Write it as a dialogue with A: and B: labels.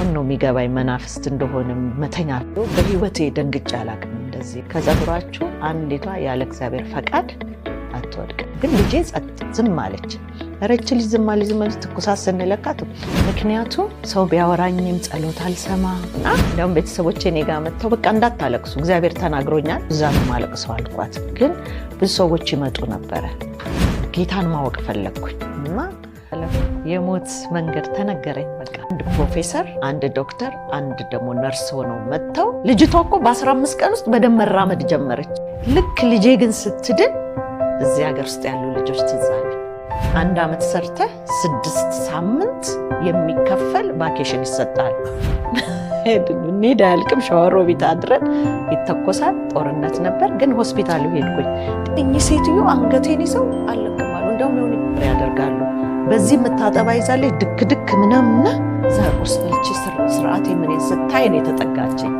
A: አሁን ነው የሚገባኝ መናፍስት እንደሆነ መተኛ። በህይወቴ ደንግጬ አላቅም። እንደዚህ። ከጸጉራችሁ አንዲቷ ያለ እግዚአብሔር ፈቃድ አትወድቅ። ግን ልጄ ጸጥ ዝም አለች። ረች ልጅ ዝም አለች። ዝም ትኩሳት ስንለካት ምክንያቱም ሰው ቢያወራኝም ጸሎት አልሰማ እና እንዲያውም ቤተሰቦች እኔ ጋር መጥተው በቃ እንዳታለቅሱ እግዚአብሔር ተናግሮኛል፣ እዛ ነው ማለቅሰው አልኳት። ግን ብዙ ሰዎች ይመጡ ነበረ። ጌታን ማወቅ ፈለግኩኝ እና አልከፈለም። የሞት መንገድ ተነገረኝ። በቃ አንድ ፕሮፌሰር፣ አንድ ዶክተር፣ አንድ ደግሞ ነርስ ሆነው መጥተው ልጅቷ እኮ በ15 ቀን ውስጥ በደም መራመድ ጀመረች። ልክ ልጄ ግን ስትድን እዚህ ሀገር ውስጥ ያሉ ልጆች ትዛለ አንድ ዓመት ሰርተህ ስድስት ሳምንት የሚከፈል ቫኬሽን ይሰጣል። እንሄድ አያልቅም። ሸዋሮ ቤት አድረን ይተኮሳል። ጦርነት ነበር፣ ግን ሆስፒታሉ ሄድኩኝ። እኚህ ሴትዮ አንገቴን ይዘው አለቅማሉ። እንደውም ሆን ያደርጋሉ በዚህ የምታጠባ ይዛለች ድክ ድክ ምናምና ዛቁስ በልቼ ስርዓቴ ምን ስታይ ነው የተጠጋችኝ።